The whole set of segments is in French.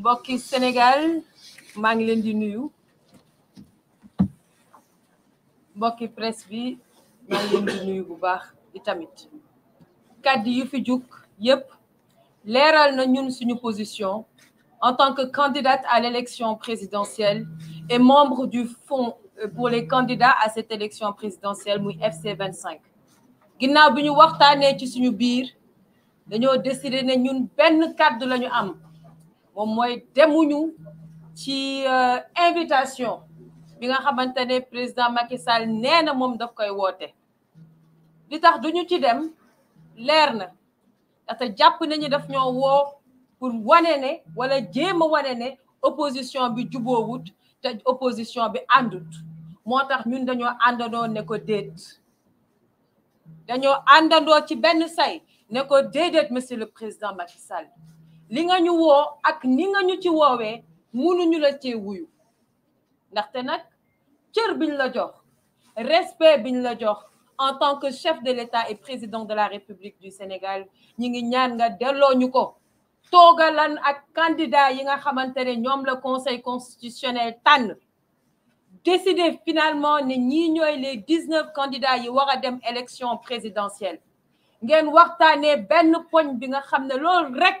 mbokki Sénégal maa ngi leen di nuyu mbokki presse bi maa ngi di nuyu bu itamit yu na position en tant que candidate à l'élection présidentielle et membre du fonds pour les candidats à cette élection présidentielle muy FC 25 ginnaaw bi ñu waxtaanee ci suñu biir Nous décider nous ñun benn carte de l'année moom demuñu ci euh, invitation bi nga xamantene président Macky Sall néna mom daf koy woté li tax duñu ci dem leer na ndaxte jàpp nañu daf ñoo wo pour wané né wala jéem wané wane opposition bi juboowut té opposition bi àndut motax tax ñun dañoo àndandoo né ko déet dañoo andando ci benn say né ko déedéet monsieur le président Macky Sall li nga ñu ak ni nga ñu ci woowee mënuñu la ci wuyu ndaxte nag cër biñ la jox respect biñ la jox en tant que chef de l'État et président de la République du Sénégal ñi ngi ñaan nga delloo ko ak candidat yi nga xamante conseil constitutionnel tan, décider finalement ne ñii ñooy les dix candidats yi war élection présidentielle ngeen waxtaanee benn poñ bi nga xam ne loolu rek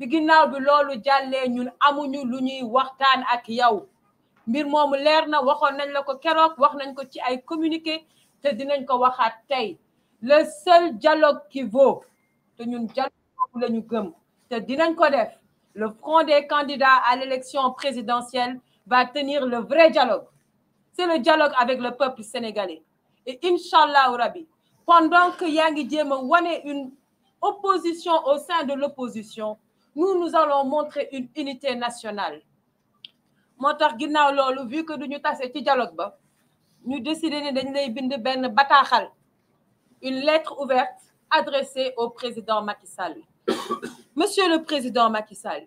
bi ginnaaw bi loolu jàllee ñun amuñu luñuy waxtaan ak yaw mbir moomu leer na waxoon nañ la ko kérok wax nañ ko ci ay communiqué te dinañ ko waxat tay le seul dialogue qui vaut te ñun dialogue boobu la gëm te dinañ ko def le front des candidats à l'élection présidentielle va tenir le vrai dialogue c'est le dialogue avec le peuple sénégalais et inshallah allahu rabi pendant que yaa jema jéem une opposition au sein de l'opposition nous, nous allons montrer une unité nationale. Manteur vu que duñu tassé ci dialogue ba ñu décidé né une lettre ouverte adressée au président Macky Sall monsieur le président Macky Sall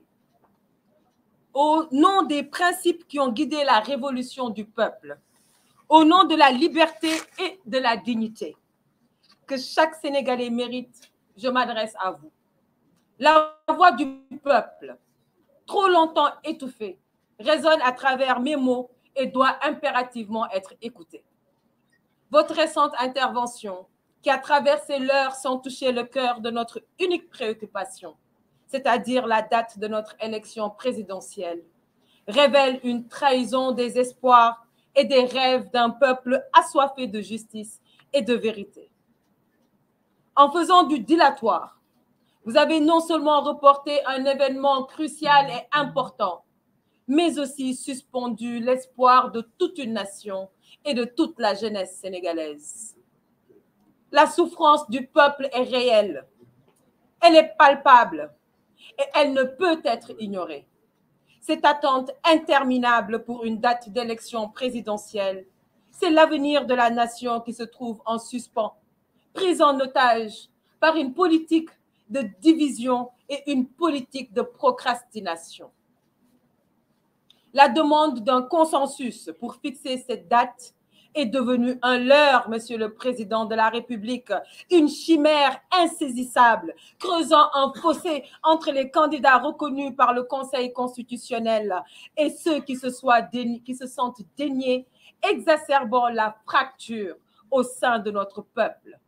au nom des principes qui ont guidé la révolution du peuple au nom de la liberté et de la dignité que chaque Sénégalais mérite je m'adresse à vous la voix du peuple, trop longtemps étouffée, résonne à travers mes mots et doit impérativement être écoutée. Votre récente intervention, qui a traversé l'heure sans toucher le cœur de notre unique préoccupation, c'est-à-dire la date de notre élection présidentielle, révèle une trahison des espoirs et des rêves d'un peuple assoiffé de justice et de vérité. En faisant du dilatoire, vous avez non seulement reporté un événement crucial et important, mais aussi suspendu l'espoir de toute une nation et de toute la jeunesse sénégalaise. La souffrance du peuple est réelle, elle est palpable et elle ne peut être ignorée. Cette attente interminable pour une date d'élection présidentielle, c'est l'avenir de la nation qui se trouve en suspens, prise en otage par une politique de division et une politique de procrastination. La demande d'un consensus pour fixer cette date est devenue un leurre, Monsieur le Président de la République, une chimère insaisissable, creusant un fossé entre les candidats reconnus par le Conseil constitutionnel et ceux qui se, qui se sentent déniés, exacerbant la fracture au sein de notre peuple.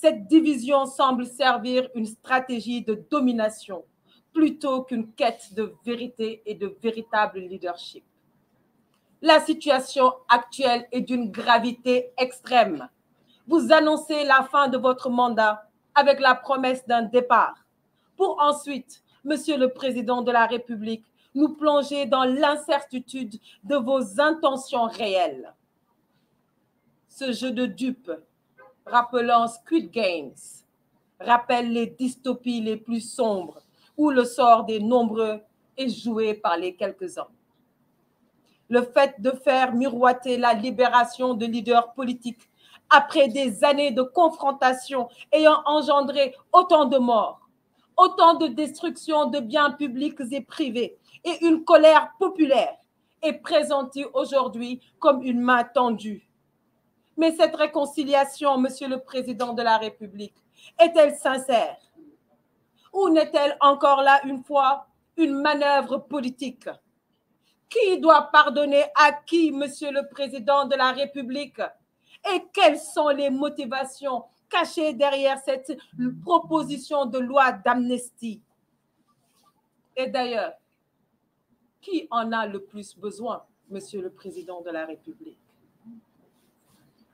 Cette division semble servir une stratégie de domination plutôt qu'une quête de vérité et de véritable leadership. La situation actuelle est d'une gravité extrême. Vous annoncez la fin de votre mandat avec la promesse d'un départ pour ensuite, Monsieur le Président de la République, nous plonger dans l'incertitude de vos intentions réelles. Ce jeu de dupes rappelant Squid Games, rappelle les dystopies les plus sombres où le sort des nombreux est joué par les quelques-uns. Le fait de faire miroiter la libération de leaders politiques après des années de confrontation ayant engendré autant de morts, autant de destruction de biens publics et privés et une colère populaire est présenté aujourd'hui comme une main tendue mais cette réconciliation, Monsieur le Président de la République, est-elle sincère Ou n'est-elle encore là une fois une manœuvre politique Qui doit pardonner à qui, Monsieur le Président de la République Et quelles sont les motivations cachées derrière cette proposition de loi d'amnistie Et d'ailleurs, qui en a le plus besoin, Monsieur le Président de la République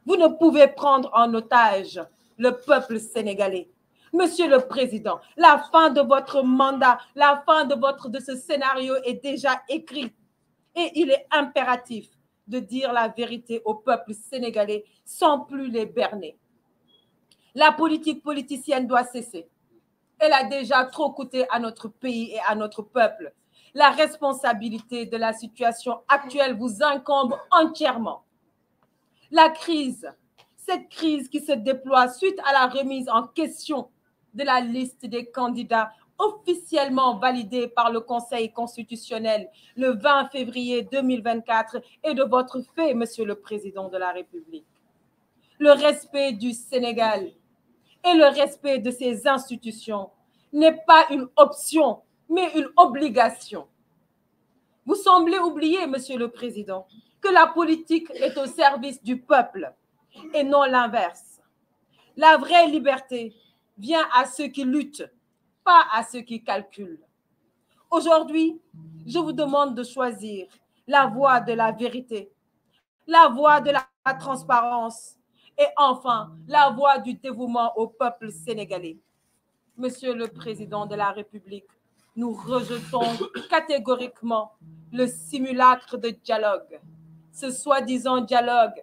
vous ne pouvez prendre en otage le peuple sénégalais. Monsieur le Président, la fin de votre mandat, la fin de, votre, de ce scénario est déjà écrite et il est impératif de dire la vérité au peuple sénégalais sans plus les berner. La politique politicienne doit cesser. Elle a déjà trop coûté à notre pays et à notre peuple. La responsabilité de la situation actuelle vous incombe entièrement. La crise, cette crise qui se déploie suite à la remise en question de la liste des candidats officiellement validée par le Conseil constitutionnel le 20 février 2024 et de votre fait, Monsieur le Président de la République. Le respect du Sénégal et le respect de ses institutions n'est pas une option, mais une obligation. Vous semblez oublier, Monsieur le Président, que la politique est au service du peuple et non l'inverse. La vraie liberté vient à ceux qui luttent, pas à ceux qui calculent. Aujourd'hui, je vous demande de choisir la voie de la vérité, la voie de la transparence et enfin la voie du dévouement au peuple sénégalais. Monsieur le Président de la République, nous rejetons catégoriquement le simulacre de dialogue ce soi-disant dialogue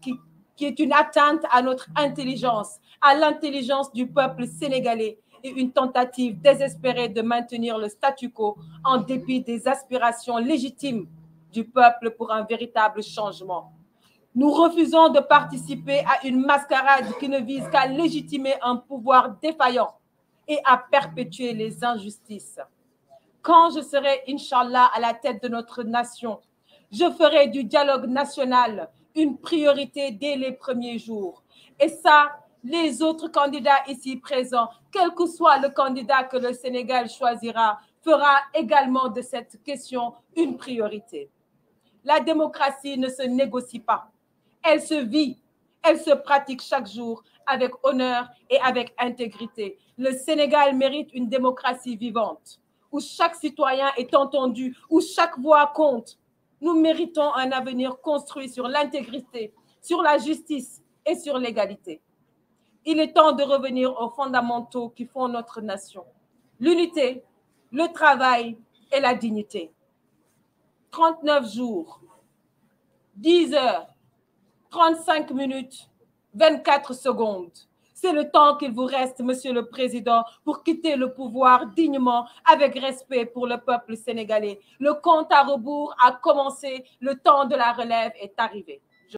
qui, est une atteinte à notre intelligence, à l'intelligence du peuple sénégalais et une tentative désespérée de maintenir le statu quo en dépit des aspirations légitimes du peuple pour un véritable changement. Nous refusons de participer à une mascarade qui ne vise qu'à légitimer un pouvoir défaillant et à perpétuer les injustices. Quand je serai, Inch'Allah, à la tête de notre nation, je ferai du dialogue national une priorité dès les premiers jours. Et ça, les autres candidats ici présents, quel que soit le candidat que le Sénégal choisira, fera également de cette question une priorité. La démocratie ne se négocie pas. Elle se vit, elle se pratique chaque jour avec honneur et avec intégrité. Le Sénégal mérite une démocratie vivante, où chaque citoyen est entendu, où chaque voix compte, nous méritons un avenir construit sur l'intégrité, sur la justice et sur l'égalité. Il est temps de revenir aux fondamentaux qui font notre nation. L'unité, le travail et la dignité. 39 jours, 10 heures, 35 minutes, 24 secondes c'est le temps qu'il vous reste, Monsieur le Président, pour quitter le pouvoir dignement, avec respect pour le peuple sénégalais. Le compte à rebours a commencé. Le temps de la relève est arrivé.